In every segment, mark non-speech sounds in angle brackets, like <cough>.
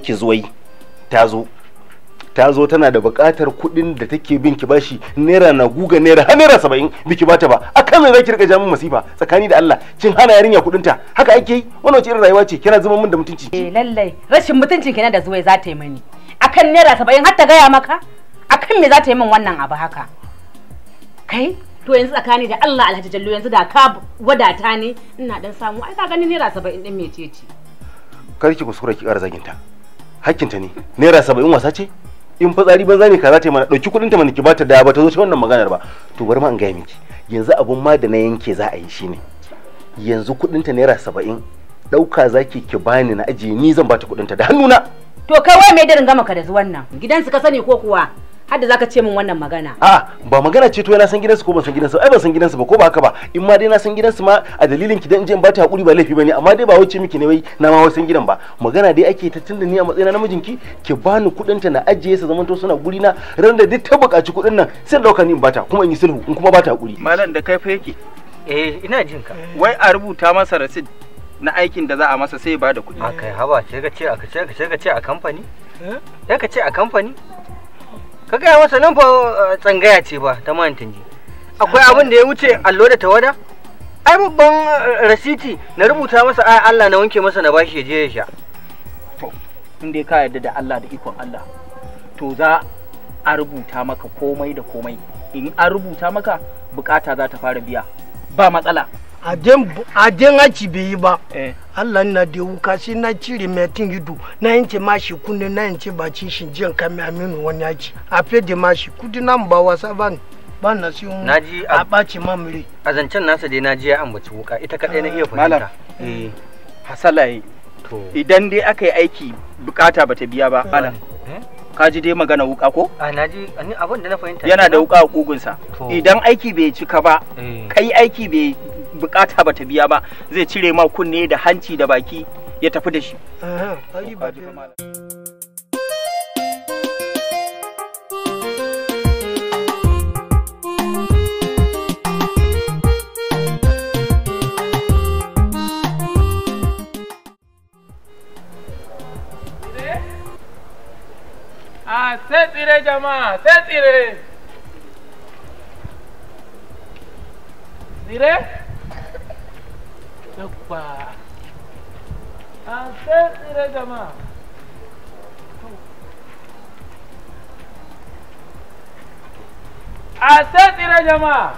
tazo ta zo ta tana da buƙatar kuɗin da take bin ki bashi naira na guga naira har naira saba'in biki bata ba a kan za zaki rika jamin masifa tsakani da Allah kin hana yarinya kuɗin ta haka ake yi wani wace irin rayuwa ce kina zama min da mutunci eh lalle rashin mutuncin na da zuwai za ta yi mani akan naira saba'in har ta gaya maka akan me za ta yi min wannan abu haka kai to yanzu tsakani da Allah Alhaji Jallo yanzu da ka wadata ne ina dan samu ai ka gani naira saba'in din mecece kar ki kuskura ki ƙara zaginta hakkinta ne naira saba'in wasa ce in fitsari banza ne ka za ta yi mana ɗauki kuɗinta mana ki bata da ba ta zo ta wannan maganar ba to bari ma in gaya miki yanzu abun ma da na yanke za a yi shine yanzu kuɗinta naira saba'in ɗauka zaki ki bani na ajiye ni zan bata kuɗinta da hannuna. to kai wai mai darin gama ka da zuwan nan gidansu ka sani ko kuwa hadda zaka ce min wannan magana a ah, ba magana ce to yana san gidansu ko ban san gidansu ai ban san gidansu ba ko ba haka ba in ma dai na san gidansu ma a dalilin ki dan in je in bata hakuri ba laifi bane amma dai ba wuce miki ne wai na ma san gidan ba magana dai ake ta tunda ni a matsayin namijin ki ki bani kudin ta na ajiye su to suna guri na ran da duk ta bukaci kudin nan sai dauka ni in bata kuma in yi sulhu in kuma bata hakuri malam da kai fa yake eh ina jin ka wai a rubuta masa rasid na aikin da za a masa sai ba da kuɗi. Akai haba ce ka ce aka ce ka ce ka ce a kamfani? Ya eh? eh, ka ce a kamfani? ka gaya masa nan fa eh, tsangaya ce ba ta mantan ji akwai abin da ya wuce allo da tawada ai babban eh, rasiti na rubuta masa ai Allah na wanke masa na bashi ya je ya sha to in ka yarda da Allah da ikon Allah to za a rubuta maka komai da komai in a rubuta maka bukata za ta fara biya ba matsala a den aci bai yi ba eh. allah na da wuka sai na cire metin ido na ma shi kunne na cin-cin shi jiyan kame aminu wani aci a fede shi kudi nan ba wasa ba ne ba na siyo naji a ɓaci mamire a zancen nasa dai naji ya ambaci wuka ita kaɗai na iya fahimta eh, hasala yi idan dai aka yi aiki bukata bata biya ba eh. alam ka ji dai magana wuka ko? A naji abin da na fahimta. Yana da wuka a kugunsa. Idan aiki bai cika ba, kai aiki bai bukata ta biya ba zai cire ma kunne da hanci da baki ya tafi da shi Ah, sai tsire jama'a, sai tsire. Tsire? yawwa an tsere jama'a a tsere jama'a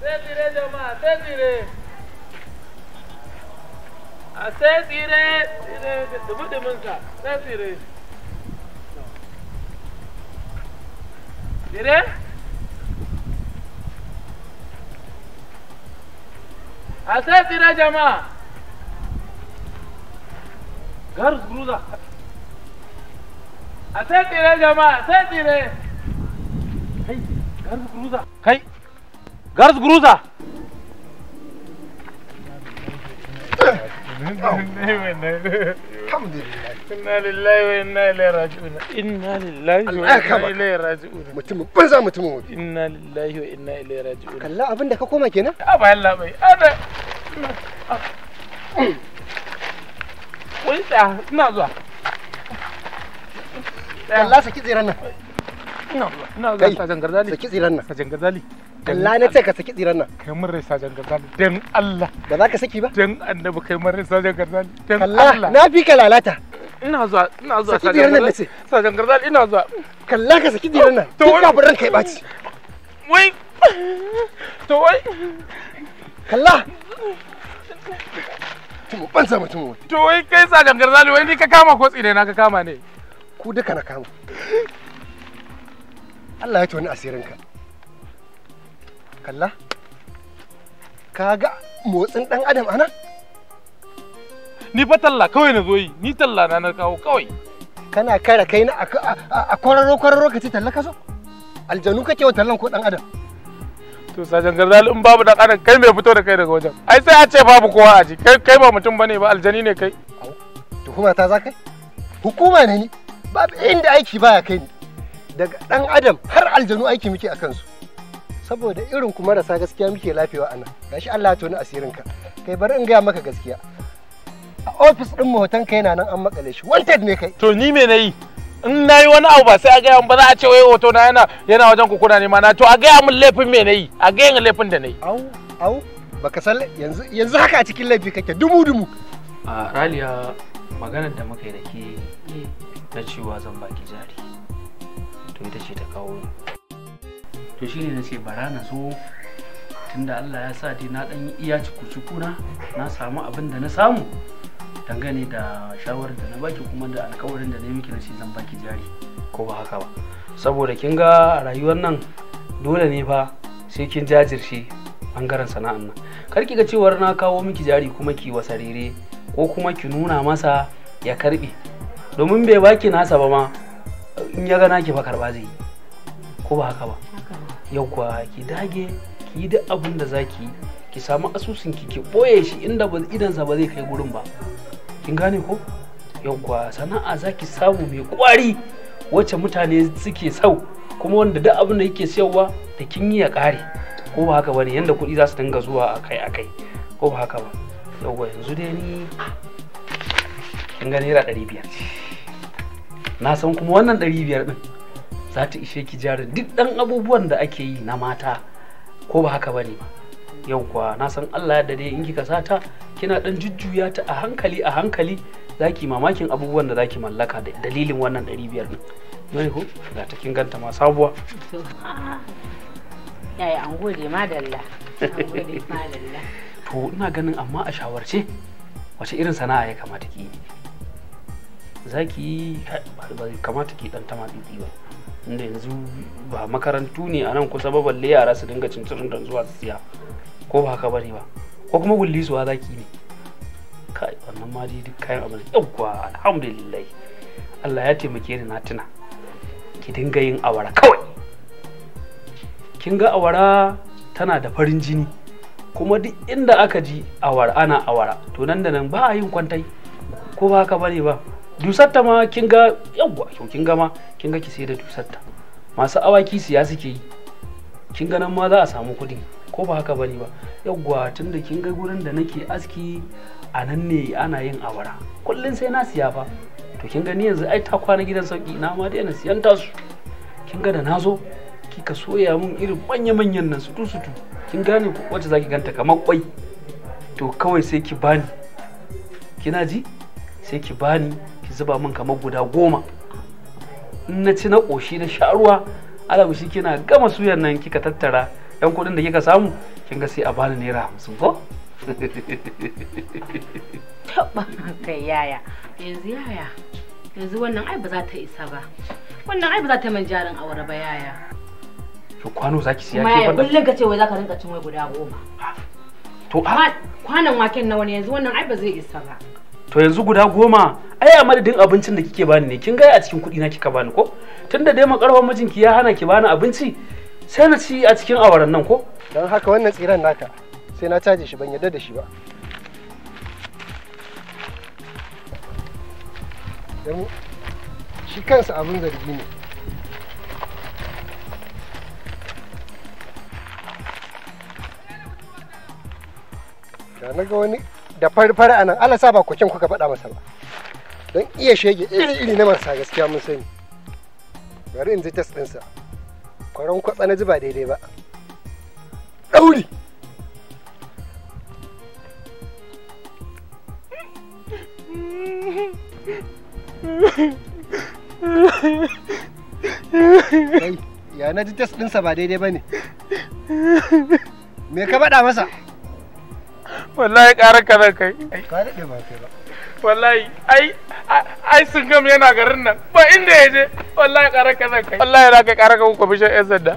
tsere jama'a tsere a sai tsire tsire dumudumunsa sai tsire tsire a tsira jama'a garus bruza a tsira jama'a tsira kai garus bruza kai garus bruza <laughs> ne ne ne alhamdulillah inna lillahi wa inna ilaihi raji'un inna lillahi wa inna ilaihi raji'un mutumin banza mutumin wabi inna lillahi wa inna ilaihi raji'un kalla abinda ka koma kenan a bayan labai ana wai tsaya ina zuwa kalla saki tsiran nan ina zuwa ina Allah ne ce ka saki tsiran nan. Kai mun risa sajan garzali dan Allah. Ba za ka saki ba? Dan annabi kai mun risa jan garzali dan Allah. Na fi ka lalata. Ina zuwa ina zuwa saki tsiran nan nace. Sajan garzali ina zuwa. Kalla ka saki tsiran nan. To wani kafin ranka ya baci. Wai. To wai. Kalla. Tumu ban sa mutum To wai kai sajan garzali wai ni ka kama ko tsire na ka kama ne. Ku duka na kama. Allah ya tuni asirinka. kalla kaga motsin dan adam ana ni fa talla kawai na zo yi ni talla na na kawo kawai kana kare kai na a kwararo kwararo ka ce talla ka so aljanu kake wa tallan ko dan adam to sajan garzal in babu dan adam kai mai fito da kai daga wajen ai sai a ce babu kowa a ji kai kai ba mutum bane ba aljani ne kai tuhuma ta za kai hukuma ne ni babu inda aiki baya kai ni daga dan adam har aljanu aiki muke a kansu saboda irin ku marasa gaskiya muke lafewa a nan gashi Allah toni asirin ka kai bari in gaya maka gaskiya a ofis din mu hoton kai na nan an makale shi wanted ne kai to ni me nayi in nayi wani abu ba sai a gaya ba za a ce wai hoto na yana yana wajen ku kuna nema na to a gaya mun laifin me nayi a gaya min laifin da nayi au au baka san yanzu yanzu haka a cikin laifi kake dumu dumu a raliya maganar da muka yi da ke eh, na cewa zan baki jari to ita ce ta kawo to ne na ce bara na tunda Allah ya sa dai na dan iya ciku na na samu abin da na samu dangane da shawarar da na baki kuma da alkawarin da na yi miki na ce zan baki jari ko ba haka ba saboda kin ga rayuwar nan dole ne fa sai kin jajirce bangaren sana'an nan kar ki ga cewar na kawo miki jari kuma ki wasarere ko kuma ki nuna masa ya karbe domin bai baki nasa ba ma in ya gana ki fa karba zai ko ba haka ba yauwa ki dage ki yi duk abin da za ki ki samu asusun ki ki boye shi inda ba idansa ba zai kai gurin ba kin gane ko yauwa sana'a za ki samu mai kwari wacce mutane suke sau kuma wanda duk abin da yake siyarwa da kin yi ya kare ko ba haka bane yanda kuɗi za su dinga zuwa akai akai ko ba haka ba yauwa yanzu dai ni kin ga naira ɗari biyar na san kuma wannan ɗari biyar ɗin za ta ishe ki jarin duk ɗan abubuwan da ake yi na mata ko ba haka bane ba yau kuwa na san Allah da dai in kika sata kina ɗan jujjuya ta a hankali a hankali zaki mamakin abubuwan da zaki mallaka da dalilin wannan ɗari biyar dole ko ga ta kin ganta ma sabuwa <laughs> yayi an gode <laughs> madalla to ina ganin amma a shawarce wace irin sana'a ya kamata ki yi za ki yi kamata ki dan tama ba inda yanzu ba makarantu ne a nan kusa ba balle yara su dinga cincirin da zuwa su siya ko ba haka bane ba ko kuma gulli suwa zaki ne kai wannan ma dai duk kayan abin yawwa alhamdulillah Allah ya taimake ni na tuna ki dinga yin awara kawai kin ga awara tana da farin jini kuma duk inda aka ji awara ana awara to nan da nan ba a yin kwantai ko ba haka bane ba dusatta ma kin ga yawwa kin ga ma kin ga ki sai da dusatta masu awaki siya suke yi kin ga nan ma za a samu kuɗi ko ba haka bane ba yawwa tunda kin ga gurin da nake aski a nan ne ana yin awara kullun sai na siya fa to kin ga ni yanzu ai ta kwana gidan sauki na ma daina siyan tasu kin ga da na zo kika soya mun irin manya manyan nan su sutu kin gane wacce zaki ganta kamar kwai to kawai sai ki bani kina ji sai ki bani ki zuba min kamar guda goma in na ci na ƙoshi na sha ruwa alamu shi kina gama suyan nan kika tattara yan kuɗin da kika samu kin ga sai a bani naira hamsin ko <laughs> taɓa kai yaya yanzu yaya yanzu wannan ai ba za ta isa ba wannan ai ba za ta man jarin awara ba yaya to kwano zaki siya ke fada kullun ka ce wai zaka rinka cin wai guda goma to a kwanan waken na wani yanzu wannan ai ba zai isa ba to yanzu guda goma ai a madadin abincin da kike bani ne kin gaya a cikin kuɗi na kika bani ko tunda dai makarfan mijinki ya hana ki bani abinci sai na ci a cikin awaran nan ko don haka wannan tsiran naka sai na caje shi ban yadda da shi ba shi kansa abin zargi ne ga na ga wani da farfara a nan Allah sa ba kin kuka faɗa masa ba don iya shege iri-iri na marasa gaskiya mun sani bari in ji test ɗinsa kwaron kwatsa na ji ba daidai ba ɗauri ya na ji test ɗinsa ba daidai ba ne me ka faɗa masa wallahi ƙarar ka zan kai wallahi ai ai sun gam yana garin nan ba inda ya je wallahi ƙarar ka zan kai wallahi na kai ƙarar ka kwamishin 'yan sanda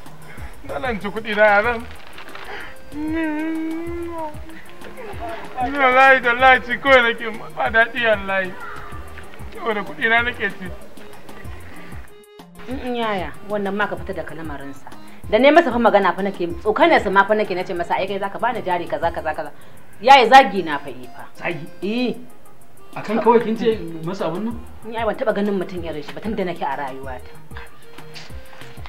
Nalanci kudi na yaran. Ni wallahi da lahi ci kawai nake ba daɗi wallahi. Saboda kuɗi na nake ci. In yaya wannan ma ka fita daga lamarinsa. Da ne masa fa magana fa nake tsokanar sa ma fa nake nace masa ai kai zaka bani jari kaza kaza kaza. Yayi zagi na fa yi fa. Zagi? Eh. Akan kawai kin ce masa abun nan? Ni ai ban taba ganin mutum irin shi ba tun da nake a rayuwata.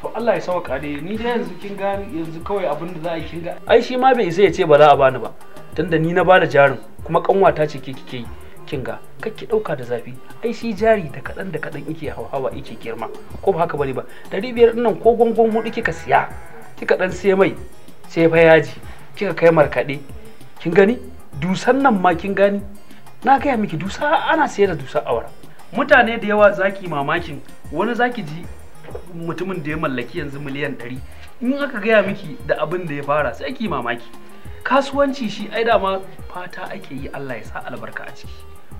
to Allah ya sauka dai ni dai yanzu kin ga yanzu kawai abin da za a kin ga ai shi ma bai isa ya ce ba za a bani ba tunda ni na bada jarin kuma kanwata ce ke kike yi kin ga kake dauka da zafi ai shi jari da kadan da kadan yake hawa yake girma ko ba haka bane ba dari biyar din nan ko gongon hudu kika siya kika dan sai mai sai fa yaji kika kai markade kin gani dusan nan ma kin gani na gaya miki dusa ana sayar da dusa awara mutane da yawa zaki mamakin wani zaki ji mutumin da ya mallaki yanzu miliyan 100 in aka gaya miki da abin da ya fara sai ki mamaki kasuwanci shi ai dama fata ake yi Allah ya sa albarka a ciki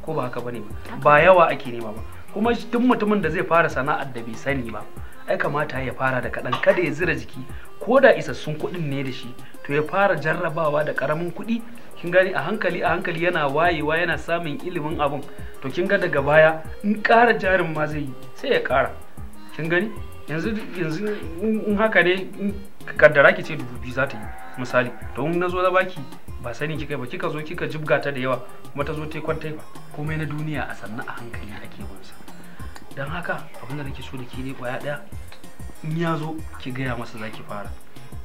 ko ba haka bane ba ba yawa ake nema ba kuma duk mutumin da zai fara sana'ar da bai sani ba ai kamata ya fara da kaɗan kada ya zira jiki ko da isassun kuɗin ne da shi to ya fara jarrabawa da karamin kuɗi kin gani a hankali a hankali yana wayewa yana samun ilimin abun to kin ga daga baya in ƙara jarin ma zai yi sai ya ƙara kin gani yanzu yanzu in haka ne kaddara ki ce dubu biyu za ta yi misali to in na zo na baki ba sani kika ba kika zo kika jibga ta da yawa kuma ta zo ta kwanta ba komai na duniya a sannu a hankali ake wansa. don haka abin da nake so da ke ne kwaya ɗaya in ya zo ki gaya masa za ki fara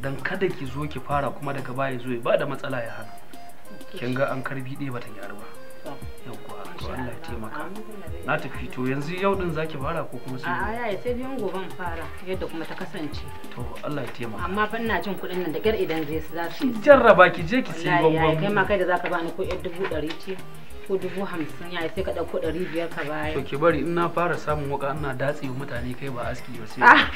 don kada ki zo ki fara kuma daga baya zo ba da matsala ya hana kin ga an karbi ɗaya ba ta gyaru ba to Allah ya taimaka na tafi to yanzu yau din zaki fara ko kuma sai a ya sai gobe goben fara yadda kuma ta kasance to Allah ya taimaka amma fa ina jin kuɗin nan da gar idan zai su za su jarraba ki je ki sai gwangwani kai ma kai da zaka bani ko 1200 ɗari ce ko dubu hamsin ya sai ka ɗauko ɗari biyar ka baya. To ki bari in na fara samun waka ina datse mutane kai ba aski ba sai. Ah. <laughs>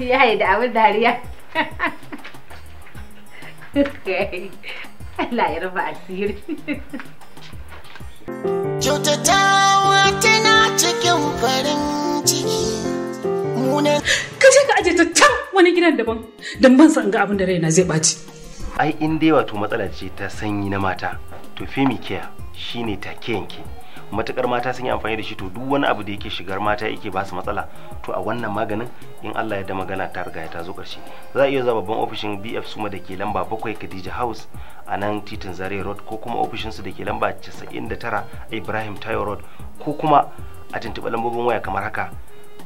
Ya <laughs> yi da abin dariya. <laughs> Allah ya rufa asiri. Kyautatawa tana cikin farin ciki. Ka je ka aje ta wani gidan daban don ban san ga abin da raina zai ɓaci. Ai in dai wato matsala ce ta sanyi na mata to femi kiya shine take yanke. matukar mata sun yi amfani da shi to duk wani abu da yake shigar mata yake ba su matsala to a wannan maganin in Allah ya da magana ta riga ta zo karshe za a iya zuwa babban ofishin BF Suma da ke lamba 7 Khadija House a nan titin Zaria Road ko kuma ofishin su da ke lamba 99 Ibrahim Tayo Road ko kuma a tuntuɓa lambobin waya kamar haka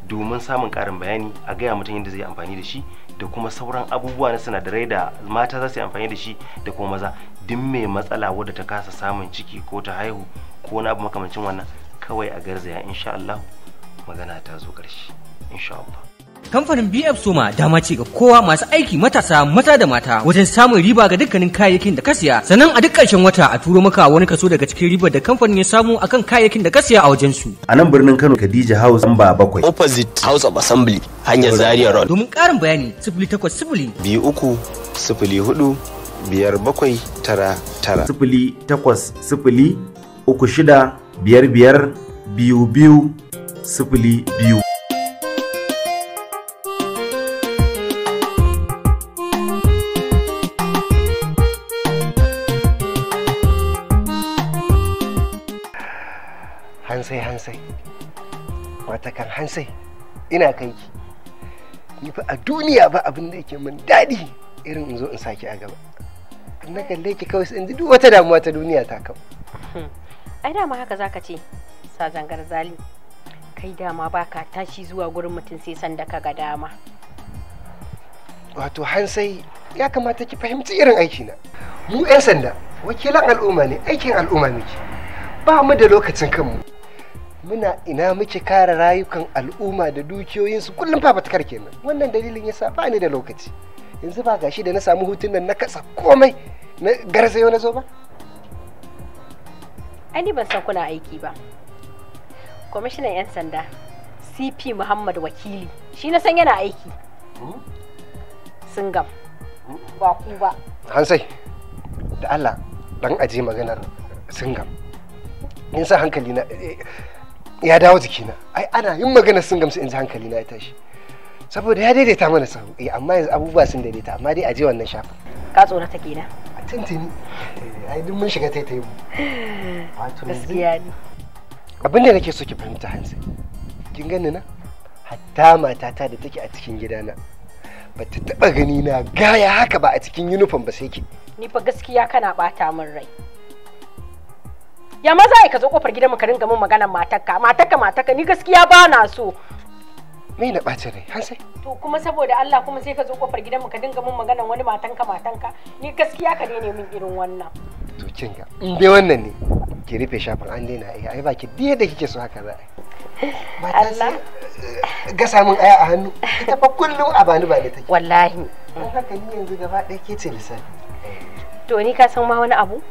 domin samun ƙarin bayani a gaya mutum yadda zai amfani da shi da kuma sauran abubuwa na sinadarai da mata za su yi amfani da shi da kuma maza duk mai matsala wadda ta kasa samun ciki ko ta haihu ko wani abu makamancin wannan kawai a garzaya insha Allah magana ta zo ƙarshe insha Allah Kamfanin BF Soma dama ce ga kowa masu aiki matasa mata da mata wajen samun riba ga dukkanin kayayyakin da ka siya. Sannan a duk ƙarshen wata a turo maka wani kaso daga cikin ribar da kamfanin ya samu akan kayayyakin da ka siya a wajen su. A nan birnin Kano Khadija House Amba bakwai. Opposite House of Assembly hanyar Zaria Road. Domin ƙarin bayani sifili takwas sifili. Biyu uku sifili hudu biyar bakwai tara tara. Sifili takwas sifili uku shida biyar biyar biyu biyu sifili biyu. Hansai Hansai, kan Hansai, ina kai ki. Ni fa a duniya ba abin da yake min daɗi irin in zo in saki a gaba. Na kalle ki kawai sai in duk wata damuwa ta duniya ta kawo. Hmm. ai dama haka zaka ce sa zangar zali kai dama baka tashi zuwa gurin mutum sai san da kaga dama wato sai ya kamata ki fahimci irin aiki na. mu 'yan sanda wakilan al'umma ne aikin al'umma muke ba mu da lokacin kanmu muna ina muke kare rayukan al'umma da dukiyoyinsu kullum fatakar kenan wannan dalilin yasa ba ni da lokaci yanzu ba gashi da na samu hutun nan na kasa komai na garzayo na zo ba Ani ban san kuna aiki ba. Kwamishinan 'yan sanda CP Muhammad Wakili shi na san yana aiki. Hmm? Singam. Hmm? Ba ku ba. Hansai, da Allah dan hmm? aje maganar Singam. In sa hankali na eh, ya dawo jikina. Ai ana yin maganar Singam sai in ji hankali na ya tashi. Saboda ya daidaita mana sahu, eh, amma yanzu abubuwa sun daidaita, amma dai aje wannan shafin. Ka tsorata kenan. tuntuni duk mun shiga mu wato gaskiya ne abin da nake so ki fahimta hansa kin gani na hatta matata da take a cikin gidana ba ta taba gani na gaya haka ba a cikin uniform ba sai ki ni fa gaskiya kana bata min rai ya maza ka zo kofar gidan mu ka ringa min maganar matarka matarka matarka ni gaskiya ba na so me na ɓacin rai har sai to kuma saboda Allah kuma sai ka zo kofar gidanmu ka dinga mun magana wani matanka matanka ni gaskiya ka daina min irin wannan to kin ga in dai wannan ne ki rufe shafin an daina ai ai baki dai da kike so haka za a Allah eh, gasa samun aya a hannu ita fa kullum a bani bani take wallahi haka ni yanzu gaba ɗaya ke ce lissafi to ni ka san ma wani abu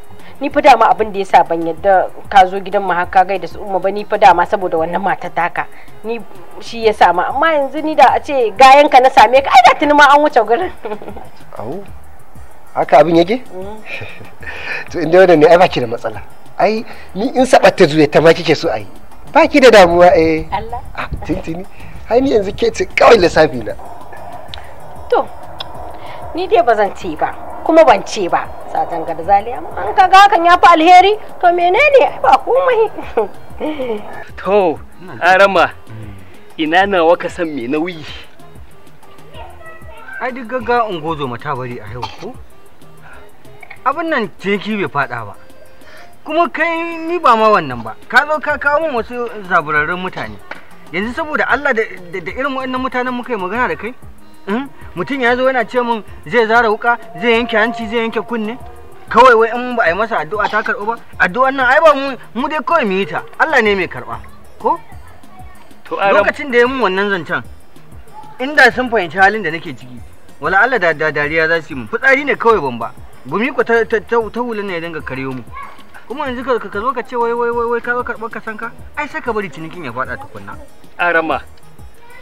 ni fa dama abin da yasa ban yadda ka zo gidan mu haka gai da su umma ba ni fa dama saboda wannan mata taka ni shi ya sa ma amma yanzu ni da a ce gayan ka na same ka ai da tuni ma an wuce gurin <laughs> au haka abin yake mm. <laughs> to inda wannan ne ai baki da matsala ai ni in sabatta zuwa ta ma kike so ai baki da damuwa eh Allah ah tintini ai ni yanzu ke ce kawai lissafi na to ni dai ba zan ce ba kuma ban ce ba da garzali amma an kaga hakan ya fi alheri to menene ba komai to arama ina nawa ka san me nauyi ai duk gaggawa gozo mata bari a yau ko abin nan ciniki bai fada ba kuma kai ni ba ma wannan ba ka zo ka kawo min wasu zaburarrun mutane yanzu saboda Allah da irin waɗannan mutanen muka yi magana da kai Hmm? mutum ya zo yana ce min zai zara wuka zai yanke hanci zai yanke kunne kawai wai in ba a yi masa addu'a ta karɓo ba addu'an nan ai ba mu mu dai kawai mu yi ta Allah ne mai karɓa ko to lokacin da ya mun wannan zancen inda sun fahimci halin da nake ciki wala Allah da da dariya za su yi mu fitsari ne kawai ban ba gumi ko ta ta ta hulun ne ya dinga karyo mu kuma yanzu ka zo ka ce wai wai wai ka zo karɓar ka san ka ai sai ka bari cinikin ya faɗa tukunna arama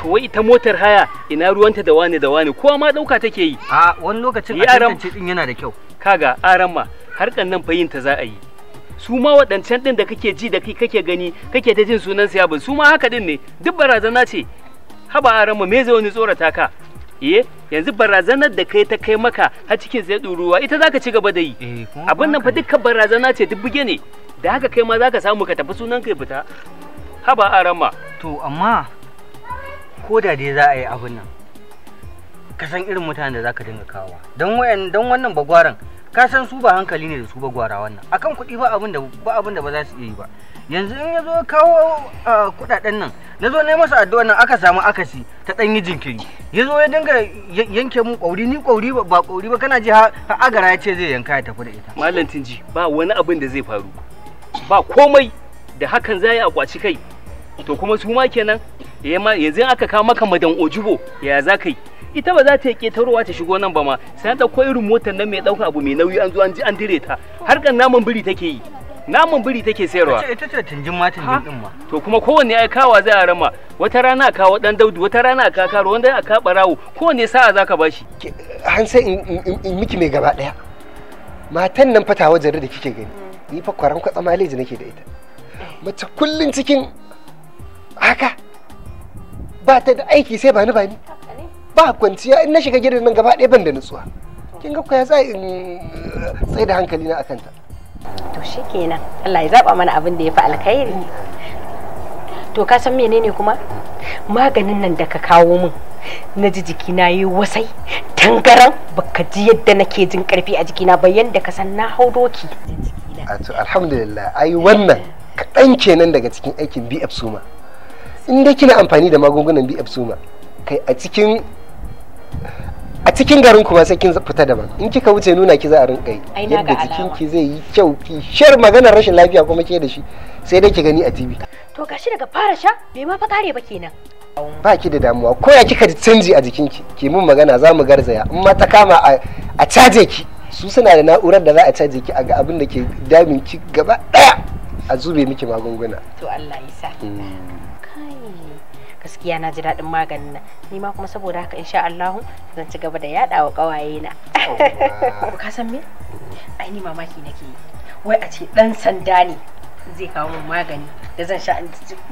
to wai ita motar haya ina ruwanta da wani da wani kowa ma dauka take yi a wani lokacin a tantance din yana da kyau kaga aran ma harkan nan fa yin ta za a yi su ma waɗancan din da kake ji da kai kake gani kake ta jin sunan siyabin su ma haka din ne duk barazana ce haba aran ma me zai wani tsorata ka eh yanzu barazanar da kai ta kai maka har cikin sai ɗuruwa ita zaka ci gaba da yi eh, abin nan fa dukkan barazana ce duk buge ne da haka kai ma zaka samu ka tafi sunan kai fita haba aran ma to amma ko da dai za a yi abin nan ka san irin mutanen da za ka dinga kawo don wayan don wannan bagwaran ka san su ba hankali ne da su bagwara wannan akan kuɗi ba abin da ba abin da ba za su iya yi ba yanzu in ya kawo kuɗaɗen nan na zo na masa addu'a nan aka samu akasi ta ɗan jinkiri ya zo ya dinga yanke mu ƙauri ni ƙauri ba ƙauri ba kana ji ha agara ya ce zai yanka ya tafi da ita malam tinji ba wani abin da zai faru ba komai da hakan za a kwaci kai to kuma su ma kenan Eh yanzu aka kawo maka madan ojubo ya za ka yi ita ba za ta yi ketarowa ta shigo nan ba ma sai ta ɗauko irin nan mai ɗaukar abu mai nauyi an zo an ji an dire ta kan naman biri take yi naman biri take sayarwa ita ce tinjin ma tunjin din ma to kuma kowanne ai kawa zai a rama wata rana kawo dan daudu wata rana ka karo wanda a ka barawo kowanne sa'a zaka bashi han sai in miki mai gaba daya matan nan fata wajen da kike gani ni fa kwaran kwatsa maleji nake da ita mace kullun cikin haka ba ta da aiki sai ba ni ba ni ba kwanciya in na shiga gidan nan gaba ɗaya ban da nutsuwa kin ga kuya sai in eh, tsaye da hankali na akan ta to shikenan Allah ya zaba mana abin da ya fi alkhairi to ka san menene kuma maganin nan da ka kawo min na ji jiki na yi wasai tangaran baka ji yadda nake jin karfi a jikina ba yanda ka san na hau doki a to alhamdulillah ai wannan kaɗan kenan daga cikin aikin bf suma in dai kina amfani da magungunan bi suma kai a cikin a cikin garin kuma sai kin fita daban in kika wuce nuna ki za a rinka yi yadda jikin ki zai yi kyau ki shar maganar rashin lafiya kuma ke da shi sai dai ki gani a tv to gashi daga fara sha bai ma fa kare ba kenan ba ki da damuwa ko ya kika canji a jikin ki ki mun magana za mu garzaya in ma ta kama a caje ki su suna da na'urar da za a caje ki a ga abin da ke damin ki gaba daya a zube miki magunguna to Allah ya sa mm. gaskiya na ji daɗin maganin nan ni ma kuma saboda haka insha Allah zan ci gaba da yaɗa wa kawaye na <laughs> ka san me ai ni mamaki nake yi wai a ce ɗan sanda ne zai kawo magani da zan sha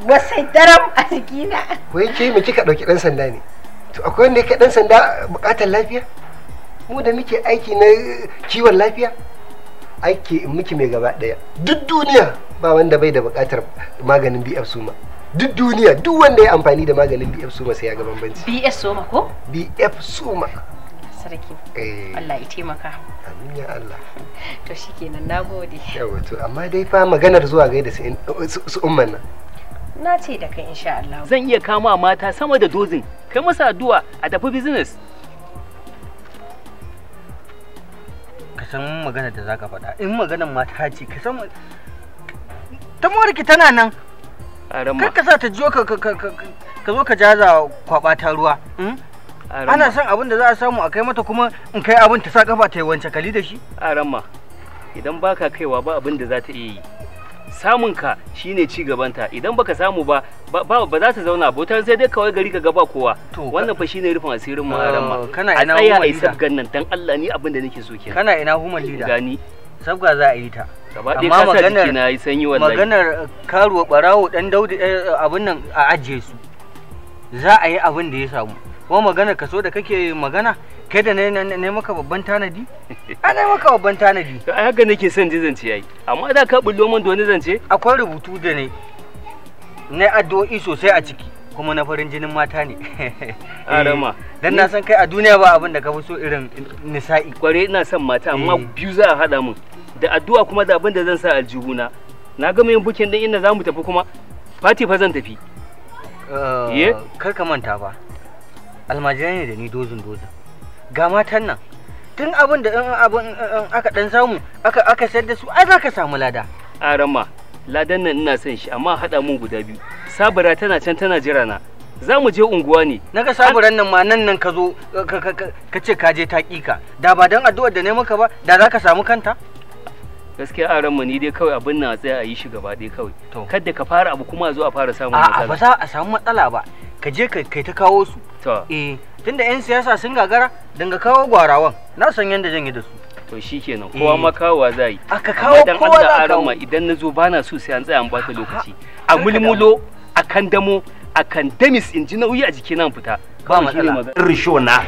wasai daram a na. wai ke mu kika ɗauki ɗan sanda ne to akwai wanda yake ɗan sanda buƙatar lafiya mu da muke aiki na kiwon lafiya aiki muke mai gaba daya duk duniya ba wanda bai da buƙatar maganin bi'ar suma duk duniya duk wanda ya amfani da maganin bf suma sai ya ga bambanci bf suma ko bf suma sarki eh. Allah ya taimaka amin ya Allah to shikenan nagode yawa to amma dai fa maganar zuwa gaida su umman nan na ce da kai insha Allah zan iya kama mata sama da dozin kai masa addu'a a tafi business ka san maganar da zaka faɗa in maganar mata ce ka san ta tana nan kar ka sa ta jiyo ka ka zo ka jaza kwaba ta ruwa hmm? ana son abin da za a samu a kai mata kuma in kai abin ta sa kafa ta yi wance kali da shi Aramma, idan baka kaiwa ba abin da za ta iya yi samun ka shine ci gabanta idan baka samu ba ba ba za ta zauna ba sai dai kawai gari ka gaba kowa wannan fa shine rufin asirin mu Aramma. Oh, kana ina human leader a tsaya ai sabgan nan dan Allah ni abin da nake so kenan kana ina human leader gani sabga za a yi ta gaba ɗaya ka sa jiki yi sanyi wallahi maganar karuwa barawo dan daudi eh, abin nan a ajiye su za a yi abin da ya samu kuma magana kaso da kake magana kai da ne maka babban tanadi a <laughs> ne maka babban tanadi to a haka nake son ji zance yayi amma da ka bullo mun da wani zance akwai rubutu da ne na addu'o'i sosai a ciki kuma na farin jinin mata ne <laughs> arama eh, dan na san kai a duniya ba abin da ka fi so irin nisa'i kware ina son mata amma eh. biyu za a hada mun da addu'a kuma da abin da zan sa aljihuna na gama yin bukin din inda za mu tafi kuma fati fa zan tafi ah, kar ka manta ba almajirai ne da ni dozin dozin ga matan nan tun abin da abin aka dan samu aka aka sayar da su ai za ka samu lada a rama ladan nan ina son shi amma haɗa mun guda biyu sabira tana can tana jira na za mu je unguwa ne na ga saburan nan ma nan nan ka zo ka ce ka je ta ka da ba don addu'ar da ne maka ba da za ka samu kanta gaskiya a ranmu ni dai kawai abin na tsaya a yi shi gaba dai kawai kadda ka fara abu kuma zo a fara samun matsala a ba za a samu matsala ba ka je kai ta kawo su eh tunda yan siyasa sun gagara danga kawo gwarawan na san yanda zan yi da su to shikenan kowa ma eh. kawowa zai yi aka kawo kowa da a ranma idan na zo bana so sai an tsaya an bata lokaci a mulmulo a kandamo a kandamis in ji nauyi a jiki nan fita ba matsala risho na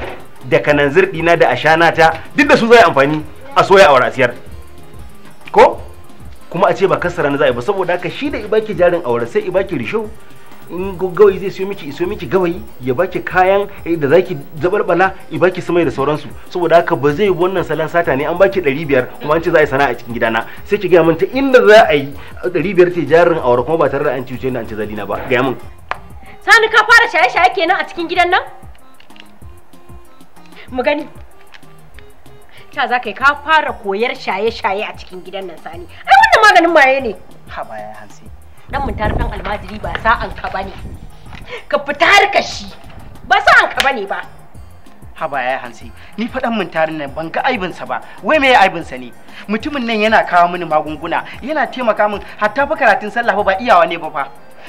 da kananzir na da ashana ta duk da su zai amfani a soya a warasiyar kuma a ce ba kasara na za'a ba saboda haka shi da baki jarin aure sai baki risho in gawayi zai siyo miki iso miki gawayi ya baki kayan eh, da zaki zabarbala ya baki samai da sauransu saboda haka ba zai wannan salon sata ne an baki 500 kuma an ce za a yi sana'a cikin gidana sai ki gaya min ta inda za a yi 500 ce jarin aure kuma ba tare da an cuce ni an ce zalina ba gaya min sani ka fara shaye-shaye kenan a cikin gidan nan mu gani ta za ka yi ka fara koyar shaye-shaye a cikin gidan nan sani wannan maganin maye ne ha baya hansi dan mun tarfin almajiri ba sa'an ka bane ka fita ka shi ba sa'an ka bane ba ha baya hansi ni fa dan mun tarin nan ban ga aibin sa ba wai me aibin sa ne mutumin nan yana kawo mini magunguna yana taimaka min hatta fa karatun sallah ba iyawa ne ba fa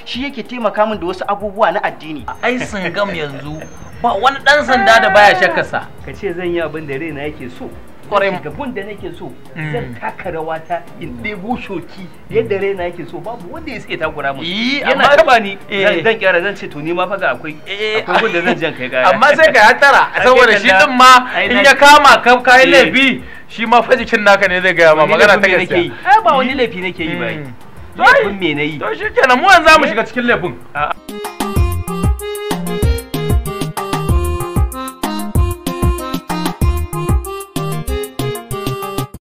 shi yake taimaka min da wasu abubuwa na addini ai sun gam yanzu ba wani dan sanda da baya shakkarsa ka ce zan yi abin da raina yake so gabon da nake so hmm. zan taka rawa ta in ɗebo shoki yadda raina yake so babu wanda ya mun yana taba ni zan kyara eh. zan ce to ni ma fa ga akwai eh. akwai da zan jan kai gaya amma sai ka tara <laughs> saboda shi din ma in ya kama ka kai eh. laifi shi ma fa jikin naka ne zai gaya ma magana ta gaskiya ai ba wani laifi nake yi ba hmm. laifin me na yi to shi kenan mu yanzu za mu shiga cikin laifin